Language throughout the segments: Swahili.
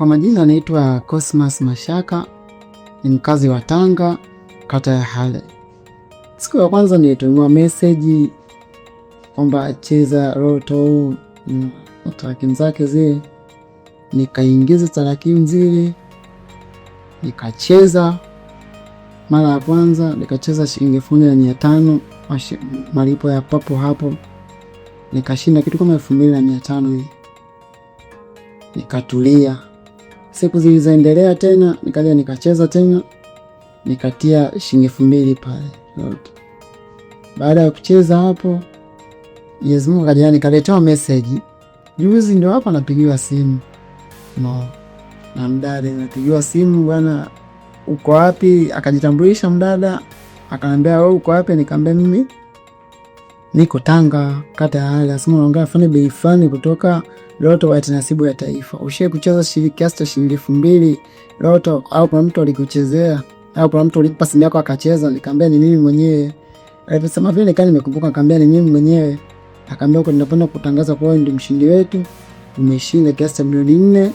Kwa majina anaitwa Cosmas Mashaka, ni mkazi wa Tanga, kata ya Hale. Siku ya kwanza nilitumiwa meseji kwamba acheza roto mm, tarakimu zake zile, nikaingiza tarakimu zile nikacheza mara ya kwanza nikacheza shilingi elfu moja na mia tano malipo ya papo hapo, nikashinda kitu kama elfu mbili na mia tano hivi, nikatulia. Siku zilizoendelea tena nikaja nikacheza tena nikatia shilingi elfu mbili pale lote. Baada ya kucheza hapo, Mwenyezi Mungu kaja nikaletewa message juzi, ndio hapa napigiwa simu no. na mdada napigiwa simu, bwana uko wapi? Akajitambulisha mdada, akaniambia wewe oh, uko wapi? Nikamwambia mimi niko Tanga, kata ya Ala. Sema unaongea fani bei fani kutoka Loto wa nasibu ya taifa. Ushe kucheza shilingi kiasi cha shilingi elfu mbili Loto au kuna mtu alikuchezea au kuna mtu ulipa simu yako akacheza? Nikamwambia ni mimi mwenyewe. Alisema vile nikani nimekumbuka, nikamwambia ni mimi mwenyewe. Akaambia uko ninapenda kutangaza kwa ndio mshindi wetu. Umeshinda kiasi cha milioni nne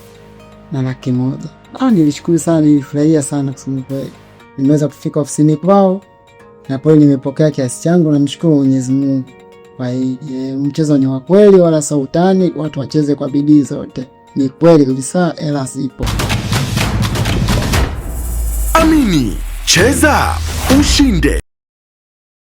na laki moja. Ah, nilishukuru sana, nilifurahia sana kusema kweli. Nimeweza kufika ofisini kwao na kweli nimepokea kiasi changu, namshukuru Mwenyezi Mungu kwa E, mchezo ni wa kweli, wala sautani. Watu wacheze kwa bidii zote, ni kweli kabisa, hela zipo. Amini, cheza ushinde.